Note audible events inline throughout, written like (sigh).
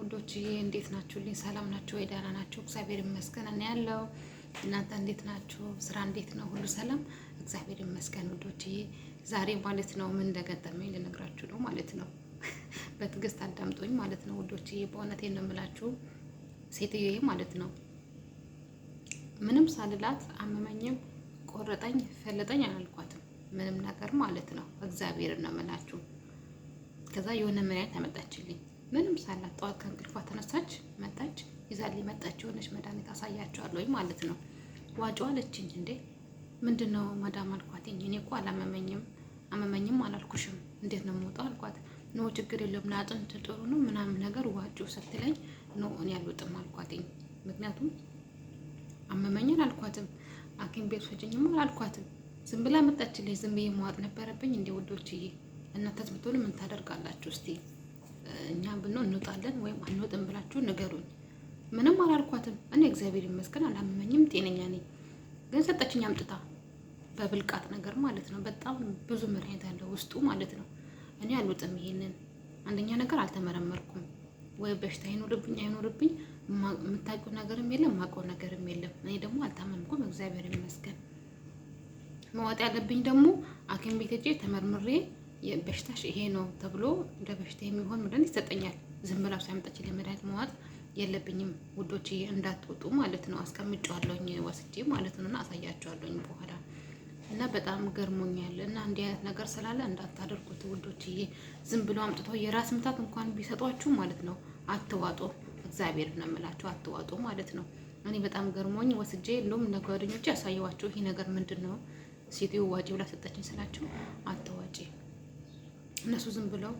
ውዶች ይሄ እንዴት ልኝ ሰላም ናችሁ ወይ? ደህና ናችሁ? እግዚአብሔር ይመስገን እኔ ያለው እናንተ እንዴት ናችሁ? ስራ እንዴት ነው? ሁሉ ሰላም? እግዚአብሔር ይመስገን ውዶች። ይሄ ዛሬ ማለት ነው ምን እንደገጠመኝ ልነግራችሁ ነው ማለት ነው። (laughs) በትዕግስት አዳምጦኝ ማለት ነው ውዶች። ይሄ በእውነቴ ነው የምላችሁ ሴትዮዬ ማለት ነው ምንም ሳልላት አመመኝም፣ ቆረጠኝ፣ ፈለጠኝ አላልኳትም ምንም ነገር ማለት ነው። እግዚአብሔር ነው የምላችሁ። ከዛ የሆነ መድኃኒት አመጣችልኝ ምንም ሳላት ጠዋት ከእንቅልፏ ተነሳች፣ መጣች፣ ይዛል መጣች። የሆነች መድኃኒት አሳያቸዋለሁ ወይ ማለት ነው። ዋጮ አለችኝ። እንዴ ምንድን ነው መዳም አልኳትኝ። እኔ እኮ አላመመኝም አመመኝም አላልኩሽም። እንዴት ነው የምወጣው አልኳት። ኖ ችግር የለውም ናጥንት ጥሩ ነው ምናምን ነገር ዋጮ ስትለኝ ኖ እኔ አልወጥም አልኳትኝ። ምክንያቱም አመመኝን አልኳትም፣ ሐኪም ቤት ውሰጂኝም አላልኳትም። ዝም ብላ መጣችልኝ። ዝም ብዬ መዋጥ ነበረብኝ። እንደ ውዶችዬ እናንተስ ብትሆኑ ምን ታደርጋላችሁ እስቲ? እኛ ብኖ እንወጣለን ወይም አንወጥም ብላችሁ ንገሩኝ። ምንም አላልኳትም። እኔ እግዚአብሔር ይመስገን አላመመኝም፣ ጤነኛ ነኝ። ግን ሰጠችኝ አምጥታ በብልቃጥ ነገር ማለት ነው። በጣም ብዙ መድኃኒት ያለው ውስጡ ማለት ነው። እኔ አልውጥም። ይሄንን አንደኛ ነገር አልተመረመርኩም ወይ በሽታ አይኖርብኝ አይኖርብኝ የምታውቂው ነገርም የለም የማውቀው ነገርም የለም። እኔ ደግሞ አልታመምኩም እግዚአብሔር ይመስገን። መወጥ ያለብኝ ደግሞ አኪም ቤት ሄጄ ተመርምሬ በሽታሽ ይሄ ነው ተብሎ እንደ በሽታ የሚሆን መድኃኒት ይሰጠኛል። ዝም ብላ ሳያመጣችልኝ መድኃኒት መዋጥ የለብኝም ውዶች፣ ይሄ እንዳትወጡ ማለት ነው። አስቀምጫዋለሁኝ ወስጄ ማለት ነው እና አሳያቸዋለሁኝ በኋላ እና በጣም ገርሞኛል። እና እንዲህ አይነት ነገር ስላለ እንዳታደርጉት ውዶች፣ ይሄ ዝም ብሎ አምጥቶ የራስ ምታት እንኳን ቢሰጧችሁ ማለት ነው አትዋጡ። እግዚአብሔር ነው የምላችሁ አትዋጡ ማለት ነው። እኔ በጣም ገርሞኝ ወስጄ እንደውም ለጓደኞቼ ያሳየዋቸው ይሄ ነገር ምንድን ነው ሴትዮ ዋጪ ብላ ሰጠችኝ ስላቸው አትዋጪ እነሱ ዝም ብለው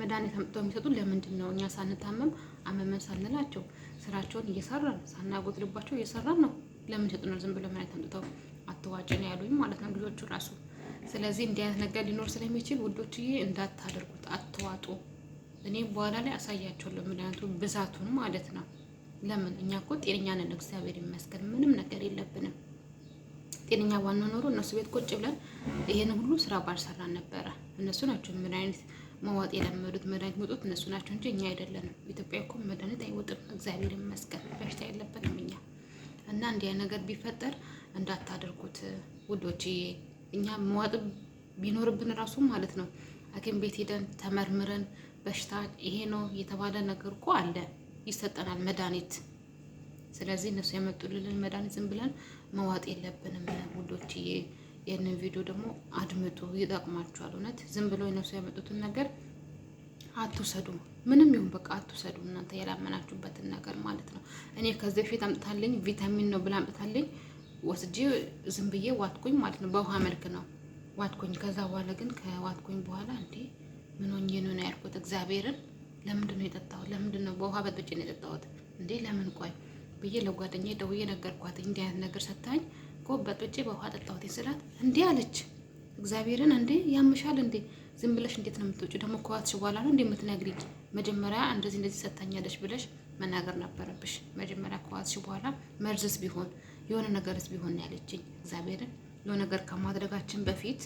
መድኃኒት አምጥተው የሚሰጡ ለምንድን ነው? እኛ ሳንታመም አመመን ሳንላቸው ስራቸውን እየሰራን ሳናጎድልባቸው እየሰራን ነው። ለምን ይሰጡናል? ዝም ብለው መድኃኒት አምጥተው አትዋጭን ያሉኝ ማለት ነው ልጆቹ ራሱ። ስለዚህ እንዲህ አይነት ነገር ሊኖር ስለሚችል ውዶችዬ እንዳታደርጉት፣ አትዋጡ። እኔ በኋላ ላይ አሳያቸዋለሁ ምክንያቱ ብዛቱን ማለት ነው። ለምን እኛ እኮ ጤነኛ ነን፣ እግዚአብሔር ይመስገን፣ ምንም ነገር የለብንም። ጤነኛ ባና ኖሮ እነሱ ቤት ቁጭ ብለን ይሄን ሁሉ ስራ ባልሰራን ነበረ። እነሱ ናቸው መድኃኒት መዋጥ የለመዱት መድኃኒት መጡት እነሱ ናቸው እንጂ እኛ አይደለንም። ኢትዮጵያ እኮ መድኃኒት አይወጥም፣ እግዚአብሔር ይመስገን በሽታ የለብንም እኛ እና እንዲያ ነገር ቢፈጠር እንዳታደርጉት ውዶች። እኛ መዋጥ ቢኖርብን እራሱ ማለት ነው ሐኪም ቤት ሄደን ተመርምረን በሽታ ይሄ ነው የተባለ ነገር እኮ አለ ይሰጠናል መድኃኒት ስለዚህ እነሱ ያመጡልን መድኃኒት ዝም ብለን መዋጥ የለብንም ውዶችዬ። ይህንን ቪዲዮ ደግሞ አድምጡ፣ ይጠቅማችኋል። እውነት ዝም ብሎ እነሱ ያመጡትን ነገር አትውሰዱ። ምንም ይሁን በቃ አትውሰዱ። እናንተ ያላመናችሁበትን ነገር ማለት ነው። እኔ ከዚህ በፊት አምጥታለኝ ቪታሚን ነው ብላ አምጥታለኝ ወስጄ ዝም ብዬ ዋትኩኝ ማለት ነው። በውሃ መልክ ነው ዋትኩኝ። ከዛ በኋላ ግን ከዋትኩኝ በኋላ እንዴ ምን ሆኜ ነው ያልኩት። እግዚአብሔርን ለምንድን ነው የጠጣሁት? ለምንድን ነው በውሃ በጥብጬ ነው የጠጣሁት እንዴ? ለምን ቆይ ብዬ ለጓደኛ ደውዬ ነገርኳት። እንዲህ አይነት ነገር ሰታኝ ጎበጦቼ በውሃ ጠጣሁት ስላት እንዲህ አለች። እግዚአብሔርን እንዴ ያምሻል እንዴ ዝም ብለሽ እንዴት ነው የምትወጪ? ደግሞ ከዋትሽ በኋላ ነው እንዴ የምትነግሪኝ? መጀመሪያ እንደዚህ እንደዚህ ሰታኛለች ብለሽ መናገር ነበረብሽ። መጀመሪያ ከዋትሽ በኋላ መርዝስ ቢሆን የሆነ ነገርስ ቢሆን ያለችኝ። እግዚአብሔርን የሆነ ነገር ከማድረጋችን በፊት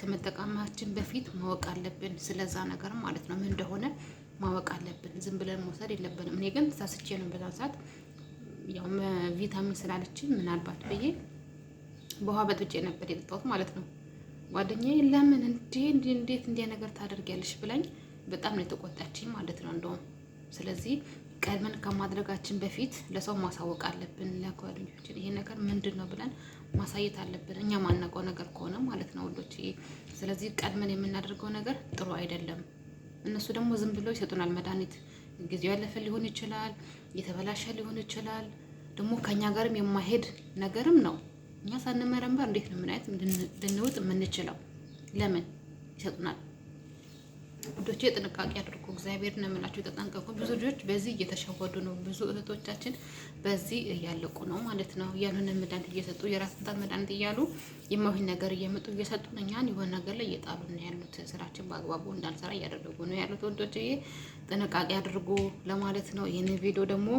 ከመጠቀማችን በፊት ማወቅ አለብን፣ ስለዛ ነገር ማለት ነው ምን እንደሆነ ማወቅ አለብን። ዝም ብለን መውሰድ የለብንም። እኔ ግን ተሳስቼ ነው በዛ ሰዓት ያው ቪታሚን ስላለች ምናልባት ብዬ በውሃ በጥብጬ ነበር የጠጣሁት ማለት ነው። ጓደኛዬ ለምን እንዴ እንዴት እንዲያ ነገር ታደርጊያለሽ ብላኝ በጣም ነው የተቆጣችኝ ማለት ነው። እንደውም ስለዚህ ቀድመን ከማድረጋችን በፊት ለሰው ማሳወቅ አለብን። ለጓደኞቻችን ይሄ ነገር ምንድን ነው ብለን ማሳየት አለብን። እኛ ማናውቀው ነገር ከሆነ ማለት ነው ወዶች። ስለዚህ ቀድመን የምናደርገው ነገር ጥሩ አይደለም። እነሱ ደግሞ ዝም ብለው ይሰጡናል መድኃኒት ጊዜው ያለፈ ሊሆን ይችላል፣ የተበላሸ ሊሆን ይችላል ደግሞ ከኛ ጋርም የማይሄድ ነገርም ነው። እኛ ሳንመረምበር እንዴት ነው ምን አይነት ልንውጥ የምንችለው? ለምን ይሰጡናል? ልጆቼ ጥንቃቄ አድርጎ እግዚአብሔር ነው የምላቸው፣ የተጠንቀቁ። ብዙ ልጆች በዚህ እየተሸወዱ ነው። ብዙ እህቶቻችን በዚህ እያለቁ ነው ማለት ነው። ያልሆነ መድኃኒት እየሰጡ የራስ ምታት መድኃኒት እያሉ የማይሆን ነገር እየመጡ እየሰጡ እኛን የሆነ ነገር ላይ እየጣሉ ነው ያሉት። ስራችን በአግባቡ እንዳልሰራ እያደረጉ ነው ያሉት። ወንዶች ጥንቃቄ አድርጎ ለማለት ነው። ይህን ቪዲዮ ደግሞ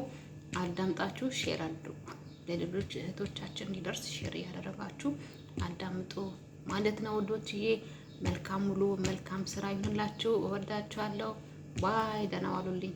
አዳምጣችሁ ሼር አድርጉ። ለሌሎች እህቶቻችን እንዲደርስ ሼር እያደረጋችሁ አዳምጡ ማለት ነው ውዶችዬ። መልካም ውሎ መልካም ስራ ይሁንላችሁ። እወዳችኋለሁ። ባይ። ደህና ዋሉልኝ።